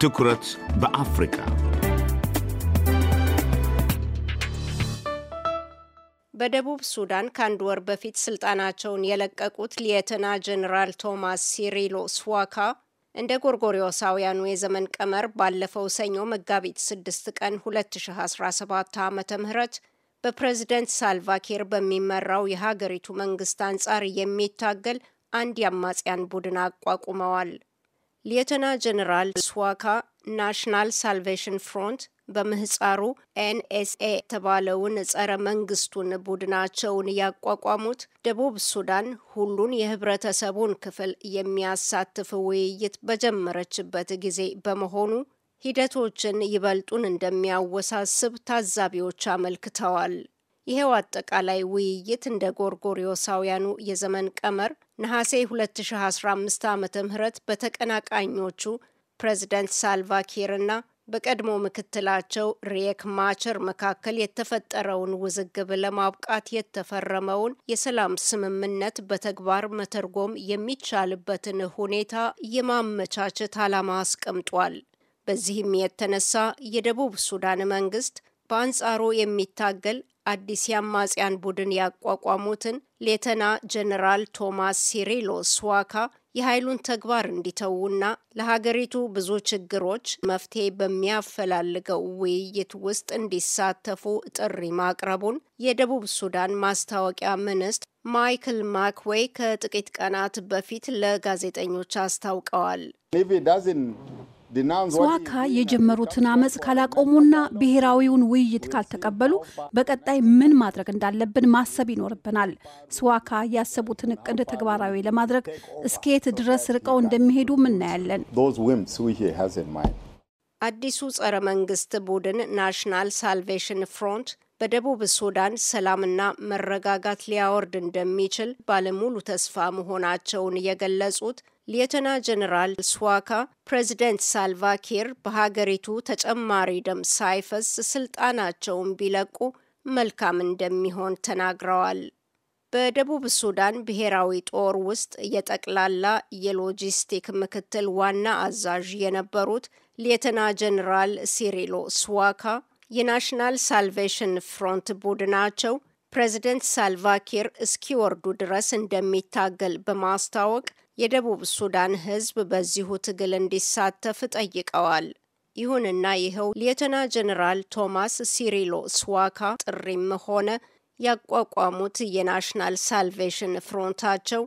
ትኩረት በአፍሪካ በደቡብ ሱዳን ከአንድ ወር በፊት ስልጣናቸውን የለቀቁት ሌተና ጀኔራል ቶማስ ሲሪሎ ስዋካ እንደ ጎርጎሪዮሳውያኑ የዘመን ቀመር ባለፈው ሰኞ መጋቢት 6 ቀን 2017 ዓ ም በፕሬዝደንት ሳልቫኪር በሚመራው የሀገሪቱ መንግስት አንጻር የሚታገል አንድ የአማጽያን ቡድን አቋቁመዋል። ሌተና ጀነራል ስዋካ ናሽናል ሳልቬሽን ፍሮንት በምህጻሩ ኤንኤስኤ የተባለውን ጸረ መንግስቱን ቡድናቸውን ያቋቋሙት ደቡብ ሱዳን ሁሉን የህብረተሰቡን ክፍል የሚያሳትፍ ውይይት በጀመረችበት ጊዜ በመሆኑ ሂደቶችን ይበልጡን እንደሚያወሳስብ ታዛቢዎች አመልክተዋል። ይሄው አጠቃላይ ውይይት እንደ ጎርጎሪዮሳውያኑ የዘመን ቀመር ነሐሴ 2015 ዓ ም በተቀናቃኞቹ ሳልቫኪር እና በቀድሞ ምክትላቸው ሪየክ ማቸር መካከል የተፈጠረውን ውዝግብ ለማብቃት የተፈረመውን የሰላም ስምምነት በተግባር መተርጎም የሚቻልበትን ሁኔታ የማመቻቸት ዓላማ አስቀምጧል። በዚህም የተነሳ የደቡብ ሱዳን መንግስት በአንጻሩ የሚታገል አዲስ የአማጽያን ቡድን ያቋቋሙትን ሌተና ጀነራል ቶማስ ሲሪሎ ስዋካ የኃይሉን ተግባር እንዲተዉና ለሀገሪቱ ብዙ ችግሮች መፍትሄ በሚያፈላልገው ውይይት ውስጥ እንዲሳተፉ ጥሪ ማቅረቡን የደቡብ ሱዳን ማስታወቂያ ሚኒስትር ማይክል ማክዌይ ከጥቂት ቀናት በፊት ለጋዜጠኞች አስታውቀዋል። ስዋካ የጀመሩትን አመፅ ካላቆሙና ብሔራዊውን ውይይት ካልተቀበሉ በቀጣይ ምን ማድረግ እንዳለብን ማሰብ ይኖርብናል። ስዋካ ያሰቡትን እቅድ ተግባራዊ ለማድረግ እስከየት ድረስ ርቀው እንደሚሄዱ እናያለን። አዲሱ ጸረ መንግስት ቡድን ናሽናል ሳልቬሽን ፍሮንት በደቡብ ሱዳን ሰላምና መረጋጋት ሊያወርድ እንደሚችል ባለሙሉ ተስፋ መሆናቸውን የገለጹት ሌተና ጀኔራል ስዋካ ፕሬዚደንት ሳልቫኪር በሀገሪቱ ተጨማሪ ደም ሳይፈስ ስልጣናቸውን ቢለቁ መልካም እንደሚሆን ተናግረዋል። በደቡብ ሱዳን ብሔራዊ ጦር ውስጥ የጠቅላላ የሎጂስቲክ ምክትል ዋና አዛዥ የነበሩት ሌተና ጀኔራል ሲሪሎ ስዋካ የናሽናል ሳልቬሽን ፍሮንት ቡድናቸው ፕሬዚደንት ሳልቫኪር እስኪወርዱ ድረስ እንደሚታገል በማስታወቅ የደቡብ ሱዳን ሕዝብ በዚሁ ትግል እንዲሳተፍ ጠይቀዋል። ይሁንና ይኸው ሌተና ጀኔራል ቶማስ ሲሪሎ ስዋካ ጥሪም ሆነ ያቋቋሙት የናሽናል ሳልቬሽን ፍሮንታቸው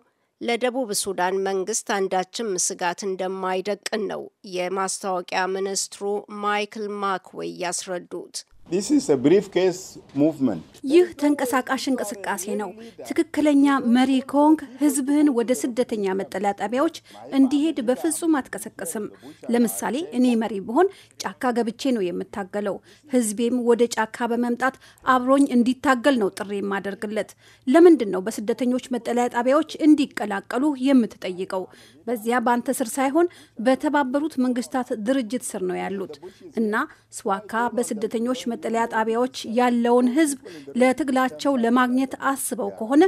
ለደቡብ ሱዳን መንግስት አንዳችም ስጋት እንደማይደቅን ነው የማስታወቂያ ሚኒስትሩ ማይክል ማክዌይ ያስረዱት። ይህ ተንቀሳቃሽ እንቅስቃሴ ነው። ትክክለኛ መሪ ከሆንክ ህዝብህን ወደ ስደተኛ መጠለያ ጣቢያዎች እንዲሄድ በፍጹም አትቀሰቅስም። ለምሳሌ እኔ መሪ ብሆን ጫካ ገብቼ ነው የምታገለው። ህዝቤም ወደ ጫካ በመምጣት አብሮኝ እንዲታገል ነው ጥሪ የማደርግለት። ለምንድን ነው በስደተኞች መጠለያ ጣቢያዎች እንዲቀላቀሉ የምትጠይቀው? በዚያ በአንተ ስር ሳይሆን በተባበሩት መንግስታት ድርጅት ስር ነው ያሉት እና ስዋካ በስደተኞች መጠለያ ጣቢያዎች ያለውን ህዝብ ለትግላቸው ለማግኘት አስበው ከሆነ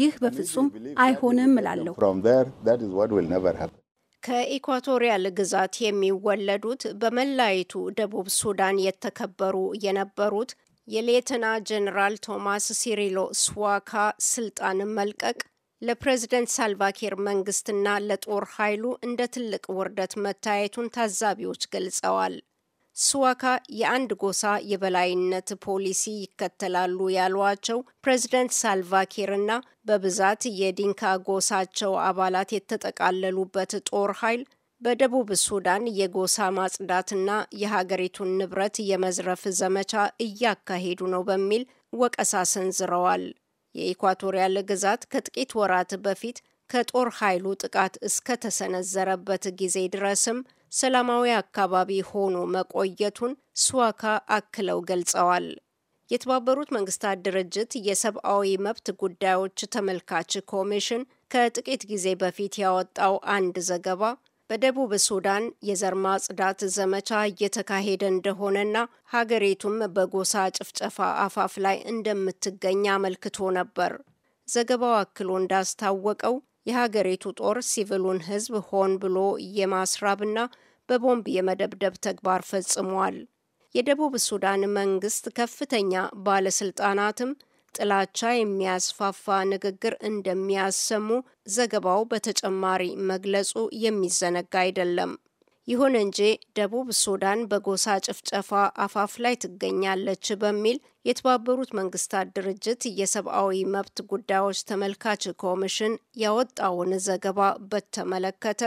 ይህ በፍጹም አይሆንም እላለሁ። ከኢኳቶሪያል ግዛት የሚወለዱት በመላይቱ ደቡብ ሱዳን የተከበሩ የነበሩት የሌተና ጀኔራል ቶማስ ሲሪሎ ስዋካ ስልጣን መልቀቅ ለፕሬዝደንት ሳልቫኪር መንግስትና ለጦር ኃይሉ እንደ ትልቅ ውርደት መታየቱን ታዛቢዎች ገልጸዋል። ስዋካ የአንድ ጎሳ የበላይነት ፖሊሲ ይከተላሉ ያሏቸው ፕሬዝደንት ሳልቫኪርና በብዛት የዲንካ ጎሳቸው አባላት የተጠቃለሉበት ጦር ኃይል በደቡብ ሱዳን የጎሳ ማጽዳትና የሀገሪቱን ንብረት የመዝረፍ ዘመቻ እያካሄዱ ነው በሚል ወቀሳ ሰንዝረዋል። የኢኳቶሪያል ግዛት ከጥቂት ወራት በፊት ከጦር ኃይሉ ጥቃት እስከተሰነዘረበት ጊዜ ድረስም ሰላማዊ አካባቢ ሆኖ መቆየቱን ስዋካ አክለው ገልጸዋል። የተባበሩት መንግስታት ድርጅት የሰብአዊ መብት ጉዳዮች ተመልካች ኮሚሽን ከጥቂት ጊዜ በፊት ያወጣው አንድ ዘገባ በደቡብ ሱዳን የዘር ማጽዳት ዘመቻ እየተካሄደ እንደሆነና ሀገሪቱም በጎሳ ጭፍጨፋ አፋፍ ላይ እንደምትገኝ አመልክቶ ነበር። ዘገባው አክሎ እንዳስታወቀው የሀገሪቱ ጦር ሲቪሉን ሕዝብ ሆን ብሎ የማስራብና በቦምብ የመደብደብ ተግባር ፈጽሟል። የደቡብ ሱዳን መንግስት ከፍተኛ ባለስልጣናትም ጥላቻ የሚያስፋፋ ንግግር እንደሚያሰሙ ዘገባው በተጨማሪ መግለጹ የሚዘነጋ አይደለም። ይሁን እንጂ ደቡብ ሱዳን በጎሳ ጭፍጨፋ አፋፍ ላይ ትገኛለች በሚል የተባበሩት መንግስታት ድርጅት የሰብአዊ መብት ጉዳዮች ተመልካች ኮሚሽን ያወጣውን ዘገባ በተመለከተ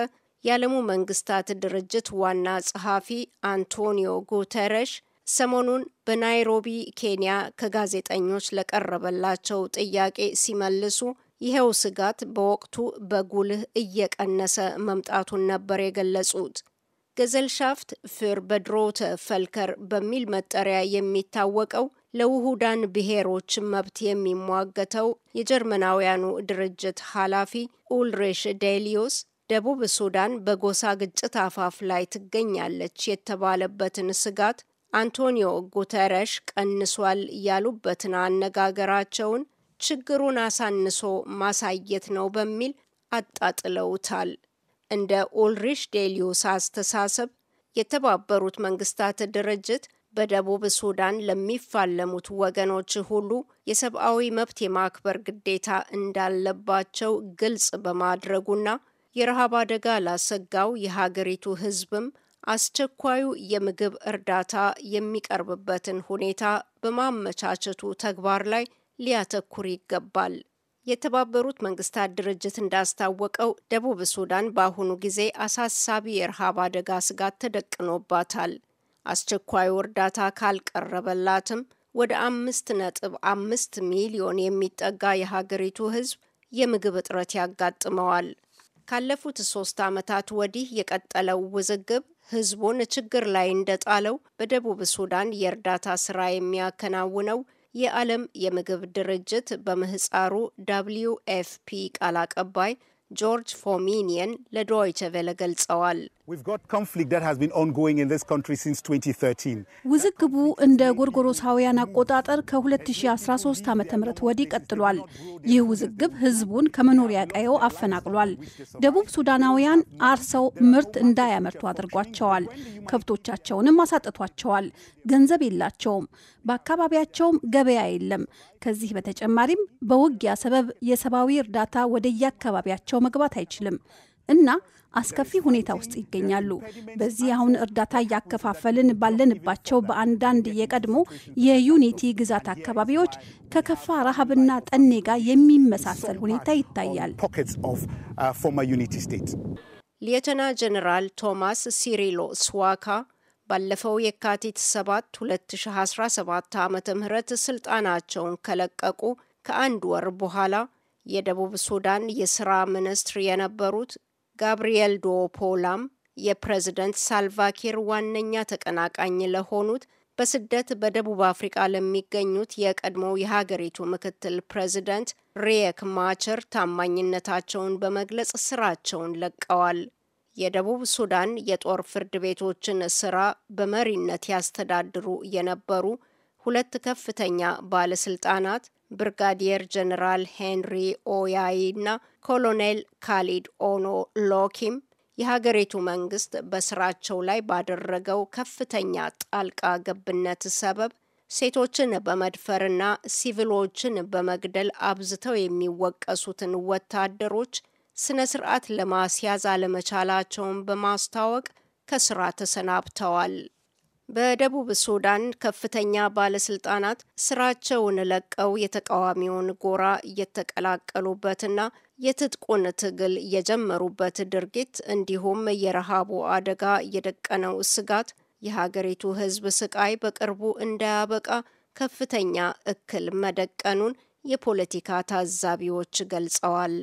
የዓለሙ መንግስታት ድርጅት ዋና ጸሐፊ አንቶኒዮ ጉተረሽ ሰሞኑን በናይሮቢ ኬንያ ከጋዜጠኞች ለቀረበላቸው ጥያቄ ሲመልሱ ይኸው ስጋት በወቅቱ በጉልህ እየቀነሰ መምጣቱን ነበር የገለጹት። ገዘልሻፍት ፍር በድሮተ ፈልከር በሚል መጠሪያ የሚታወቀው ለውሁዳን ብሔሮች መብት የሚሟገተው የጀርመናውያኑ ድርጅት ኃላፊ ኡልሪሽ ዴሊዮስ ደቡብ ሱዳን በጎሳ ግጭት አፋፍ ላይ ትገኛለች የተባለበትን ስጋት አንቶኒዮ ጉተረሽ ቀንሷል ያሉበትን አነጋገራቸውን ችግሩን አሳንሶ ማሳየት ነው በሚል አጣጥለውታል። እንደ ኦልሪሽ ዴሊዮስ አስተሳሰብ የተባበሩት መንግስታት ድርጅት በደቡብ ሱዳን ለሚፋለሙት ወገኖች ሁሉ የሰብአዊ መብት የማክበር ግዴታ እንዳለባቸው ግልጽ በማድረጉና የረሃብ አደጋ ላሰጋው የሀገሪቱ ሕዝብም አስቸኳዩ የምግብ እርዳታ የሚቀርብበትን ሁኔታ በማመቻቸቱ ተግባር ላይ ሊያተኩር ይገባል። የተባበሩት መንግስታት ድርጅት እንዳስታወቀው ደቡብ ሱዳን በአሁኑ ጊዜ አሳሳቢ የረሃብ አደጋ ስጋት ተደቅኖባታል። አስቸኳዩ እርዳታ ካልቀረበላትም ወደ አምስት ነጥብ አምስት ሚሊዮን የሚጠጋ የሀገሪቱ ህዝብ የምግብ እጥረት ያጋጥመዋል። ካለፉት ሶስት ዓመታት ወዲህ የቀጠለው ውዝግብ ህዝቡን ችግር ላይ እንደጣለው በደቡብ ሱዳን የእርዳታ ስራ የሚያከናውነው የዓለም የምግብ ድርጅት በምህፃሩ ዳብልዩ ኤፍፒ ቃል አቀባይ ጆርጅ ፎሚኒየን ለዶይቸ ቬለ ገልጸዋል። ውዝግቡ እንደ ጎርጎሮሳውያን አቆጣጠር ከ2013 ዓ ም ወዲህ ቀጥሏል። ይህ ውዝግብ ህዝቡን ከመኖሪያ ቀየው አፈናቅሏል። ደቡብ ሱዳናውያን አርሰው ምርት እንዳያመርቱ አድርጓቸዋል። ከብቶቻቸውንም አሳጥቷቸዋል። ገንዘብ የላቸውም። በአካባቢያቸውም ገበያ የለም። ከዚህ በተጨማሪም በውጊያ ሰበብ የሰብአዊ እርዳታ ወደየአካባቢያቸው ቤታቸው መግባት አይችልም እና አስከፊ ሁኔታ ውስጥ ይገኛሉ። በዚህ አሁን እርዳታ እያከፋፈልን ባለንባቸው በአንዳንድ የቀድሞ የዩኒቲ ግዛት አካባቢዎች ከከፋ ረሃብና ጠኔ ጋር የሚመሳሰል ሁኔታ ይታያል። uh, ሌተና ጀነራል ቶማስ ሲሪሎ ስዋካ ባለፈው የካቲት 7 2017 ዓ ም ስልጣናቸውን ከለቀቁ ከአንድ ወር በኋላ የደቡብ ሱዳን የስራ ሚኒስትር የነበሩት ጋብርኤል ዶፖላም የፕሬዝደንት ሳልቫኪር ዋነኛ ተቀናቃኝ ለሆኑት በስደት በደቡብ አፍሪቃ ለሚገኙት የቀድሞው የሀገሪቱ ምክትል ፕሬዝደንት ሪየክ ማቸር ታማኝነታቸውን በመግለጽ ስራቸውን ለቀዋል። የደቡብ ሱዳን የጦር ፍርድ ቤቶችን ስራ በመሪነት ያስተዳድሩ የነበሩ ሁለት ከፍተኛ ባለስልጣናት ብርጋዲየር ጀነራል ሄንሪ ኦያይ እና ኮሎኔል ካሊድ ኦኖ ሎኪም የሀገሪቱ መንግስት በስራቸው ላይ ባደረገው ከፍተኛ ጣልቃ ገብነት ሰበብ ሴቶችን በመድፈርና ሲቪሎችን በመግደል አብዝተው የሚወቀሱትን ወታደሮች ስነ ስርዓት ለማስያዝ አለመቻላቸውን በማስታወቅ ከስራ ተሰናብተዋል። በደቡብ ሱዳን ከፍተኛ ባለስልጣናት ስራቸውን ለቀው የተቃዋሚውን ጎራ እየተቀላቀሉበትና የትጥቁን ትግል የጀመሩበት ድርጊት እንዲሁም የረሃቡ አደጋ የደቀነው ስጋት የሀገሪቱ ሕዝብ ስቃይ በቅርቡ እንዳያበቃ ከፍተኛ እክል መደቀኑን የፖለቲካ ታዛቢዎች ገልጸዋል።